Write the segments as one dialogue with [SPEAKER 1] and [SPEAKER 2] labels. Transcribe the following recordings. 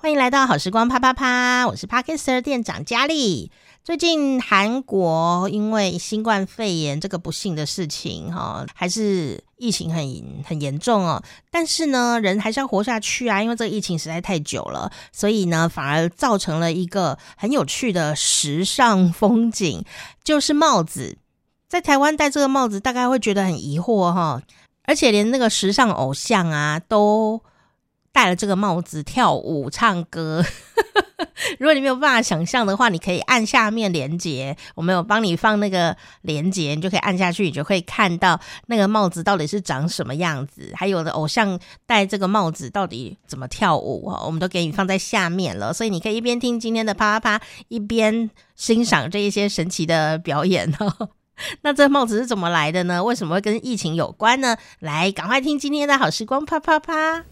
[SPEAKER 1] 歡迎來到好時光，啪啪啪！我是 Parkister 店長佳麗。最近韓國因為新冠肺炎這個不幸的事情，哈，還是疫情很很嚴重哦。但是呢，人還是要活下去啊，因為這個疫情實在太久了，所以呢，反而造成了一個很有趣的時尚風景，就是帽子。在台灣戴這個帽子，大概會覺得很疑惑哈、哦，而且連那個時尚偶像啊，都。戴了這個帽子跳舞唱歌， 如果你沒有辦法想象的話，你可以按下面連接，我們有幫你放那個連接，你就可以按下去，你就可以看到那個帽子到底是長什麼樣子。還有的偶像戴這個帽子到底怎麼跳舞，我們都給你放在下面了，所以你可以一邊聽今天的啪啪啪，一邊欣賞這一些神奇的表演哦。 那這帽子是怎麼來的呢？為什麼會跟疫情有關呢？來，趕快聽今天的好時光，啪啪啪。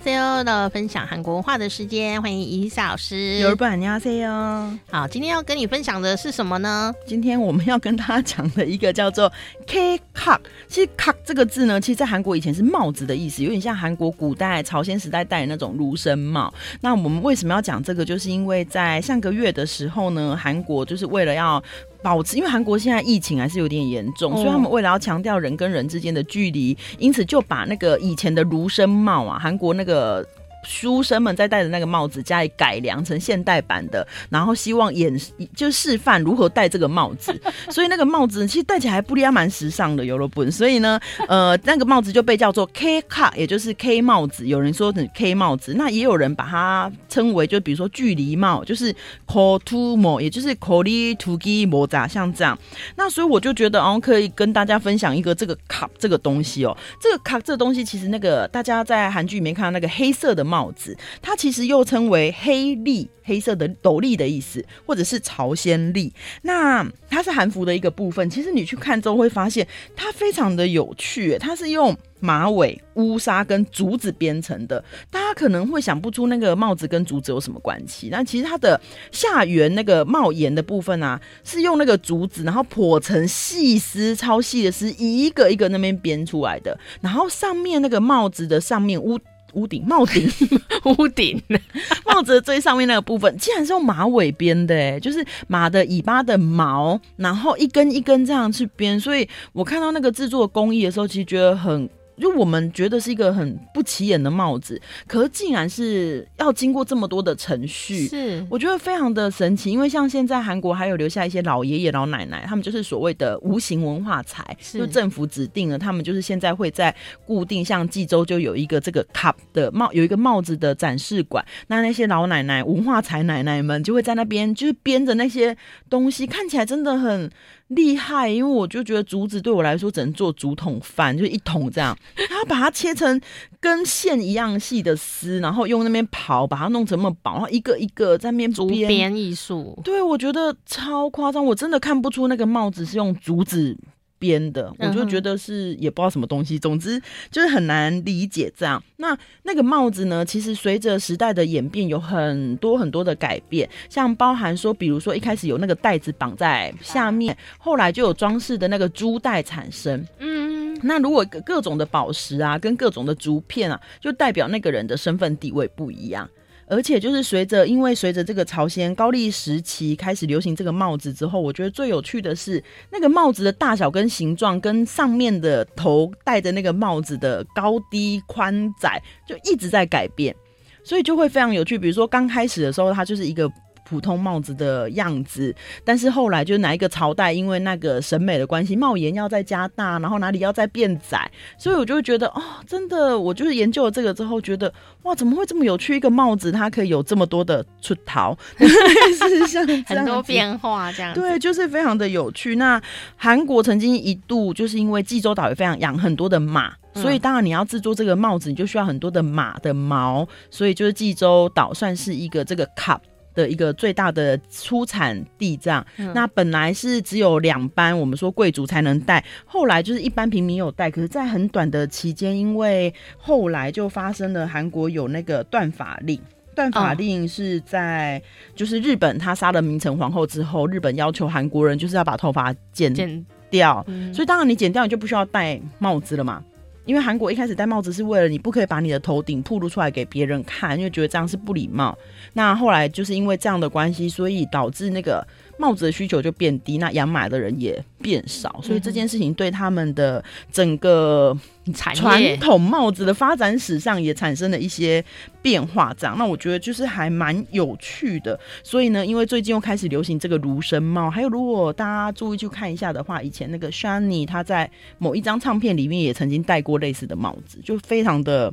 [SPEAKER 1] C.O. 的分享韓國文化的時間，歡迎伊麗莎老師。
[SPEAKER 2] C.O. 好，今天要跟你分享的是什麼呢？今天我們要跟他講的一個叫做 K-god，其實 god 這個字呢，其實，在韓國以前是帽子的意思，有點像韓國古代朝鮮時代戴的那種儒生帽。那我們為什麼要講這個？就是因為在上個月的時候呢，韓國就是為了要保持，因為韓國現在疫情還是有點嚴重，嗯、所以他們為了要強調人跟人之間的距離，因此就把那個以前的儒生帽啊，韓國那個。書生們在戴的那個帽子，加以改良成現代版的，然後希望演就是、示範如何戴這個帽子，所以那個帽子其實戴起來不賴還蠻時尚的，有了本，所以呢，呃，那個帽子就被叫做 K 卡，k, 也就是 K 帽子。有人說 K 帽子，那也有人把它稱為就比如說距離帽，就是 Kodumo，也就是 Kori Tugi Moza，像這樣。那所以我就覺得，哦、嗯，可以跟大家分享一個這個卡這個東西哦、喔，這個卡這個東西其實那個大家在韓劇裡面看到那個黑色的帽子。帽子，它其實又稱為黑笠，黑色的斗笠的意思，或者是朝鮮笠。那它是韓服的一個部分。其實你去看之後會發現，它非常的有趣。它是用馬尾、烏紗跟竹子編成的。大家可能會想不出那個帽子跟竹子有什麼關係。那其實它的下緣那個帽檐的部分啊，是用那個竹子，然後剖成細絲，超細的絲，一個一個那邊編出來的。然後上面那個帽子的上面烏。屋頂帽頂 屋頂頂 帽子最上面那個部分，竟然是用馬尾編的，欸，就是馬的尾巴的毛，然後一根一根這樣去編。所以我看到那個製作工藝的時候，其實覺得很。就我們覺得是一個很不起眼的帽子，可是竟然是要經過這麼多的程序，是我覺得非常的神奇。因為像現在韓國還有留下一些老爺爺、老奶奶，他們就是所謂的無形文化財，是就政府指定了他們，就是現在會在固定像濟州就有一個這個 cap 的帽，有一個帽子的展示館，那那些老奶奶文化財奶奶們就會在那邊就是編着那些東西，看起來真的很。厲害，因為我就覺得竹子對我來說只能做竹筒飯，就是、一桶這樣。然後把它切成跟線一樣細的絲，然後用那邊刨把它弄成那麼薄，然後一個一個在那邊編，竹編藝術。對，我覺得超誇張，我真的看不出那個帽子是用竹子。編的，我就覺得是也不知道什麼東西，總之就是很難理解這樣。那那個帽子呢？其實隨着時代的演變，有很多很多的改變，像包含說，比如說一開始有那個袋子綁在下面，後來就有裝飾的那個珠帶產生。嗯，那如果各種的寶石啊，跟各種的竹片啊，就代表那個人的身份地位不一樣。而且就是隨着，因為隨着這個朝鮮高麗時期開始流行這個帽子之後，我覺得最有趣的是那個帽子的大小跟形狀，跟上面的頭戴着那個帽子的高低寬窄就一直在改變，所以就會非常有趣。比如說剛開始的時候，它就是一個。普通帽子的樣子，但是後來就是哪一個朝代，因為那個審美的關係，帽檐要再加大，然後哪裡要再變窄，所以我就會覺得哦，真的，我就是研究了這個之後，覺得哇，怎麼會這麼有趣？一個帽子它可以有這麼多的出逃，哈哈哈，很多變
[SPEAKER 1] 化這樣，對，
[SPEAKER 2] 就是非常的有趣。那韓國曾經一度就是因為濟州島也非常養很多的馬，嗯、所以當然你要制作這個帽子，你就需要很多的馬的毛，所以就是濟州島算是一個這個卡。的一個最大的出產地這樣，嗯、那本來是只有兩班，我們說貴族才能戴，後來就是一般平民有戴。可是，在很短的期間，因為後來就發生了韓國有那個斷髮令，斷髮令是在就是日本、哦、他殺了明成皇後之後，日本要求韓國人就是要把頭髮剪剪掉，剪嗯、所以當然你剪掉你就不需要戴帽子了嘛。因為韓國一開始戴帽子是為了你不可以把你的頭頂暴露出來給別人看，因為覺得這樣是不禮貌。那後來就是因為這樣的關係，所以導致那個。帽子的需求就變低，那養馬的人也變少，所以這件事情對他們的整個傳統帽子的發展史上也產生了一些變化。這樣，那我覺得就是還蠻有趣的。所以呢，因為最近又開始流行這個儒生帽，還有如果大家注意去看一下的話，以前那個 Shani 他在某一張唱片裡面也曾經戴過類似的帽子，就非常的，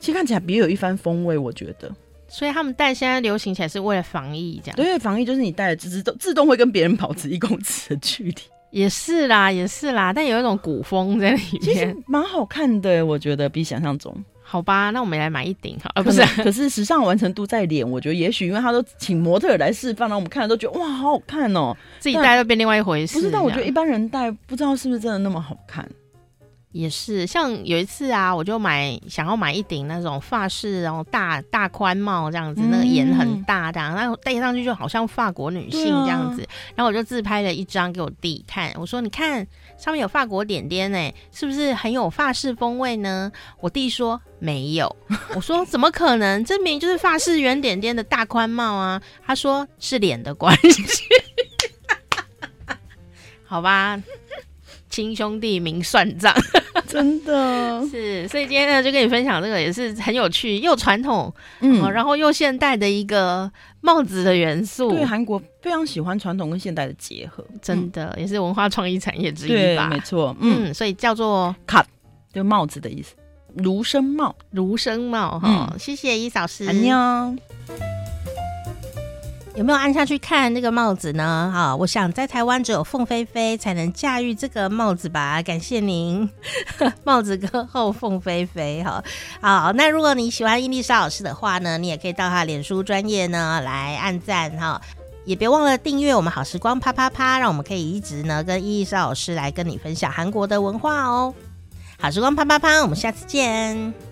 [SPEAKER 2] 其實看起來別有一番風味，我覺得。
[SPEAKER 1] 所以他們戴現在流行起來是為了防
[SPEAKER 2] 疫，這樣？對，防疫就是你戴了自動自動會跟別人保持一公尺的距離。也是啦，也是啦，但有一種古風在裡面，其實蠻好看的，我覺得比想象中。
[SPEAKER 1] 好吧，那我們來買一頂哈啊？不是，可
[SPEAKER 2] 是時尚完成度在臉，我覺得也許因為他都請模特來示範，然後我們看了都覺得哇，好好看哦，自己戴都變另外一回事。不是，這樣，但我覺得一般人戴不知道是不是真的那麼好看。
[SPEAKER 1] 也是，像有一次啊，我就買想要買一頂那種法式，然後大大寬帽這樣子，嗯、那個眼很大的，後戴上去就好像法國女性這樣子。啊、然後我就自拍了一張給我弟看，我說：“你看上面有法國點點呢、欸，是不是很有法式風味呢？”我弟說：“沒有。”我說：“怎麼可能？證明就是法式圓點點的大寬帽啊。”他說：“是臉的關係。” 好吧。親兄弟明算賬， 真的是，所以今天呢，就跟你分享這個也是很有趣又傳統，嗯然，然後又現代的一個帽子的元素。對，韓
[SPEAKER 2] 國非常喜歡傳統跟現代的結合，嗯、真的也是文化創意產業之一吧？對沒錯，嗯，所以叫做 cut 就帽子的意思，儒生帽，儒生帽，哈，嗯、謝
[SPEAKER 1] 謝伊嫂師。有沒有按下去看那個帽子呢？哈，我想在台灣只有鳳飛飛才能駕馭這個帽子吧。感謝您， 帽子哥後鳳飛飛哈。好，那如果你喜歡伊麗莎老師的話呢，你也可以到她臉書專頁呢來按讚哈。也別忘了訂閱我們好時光啪啪啪啪，讓我們可以一直呢跟伊麗莎老師來跟你分享韓國的文化哦。好時光啪啪啪，我們下次見。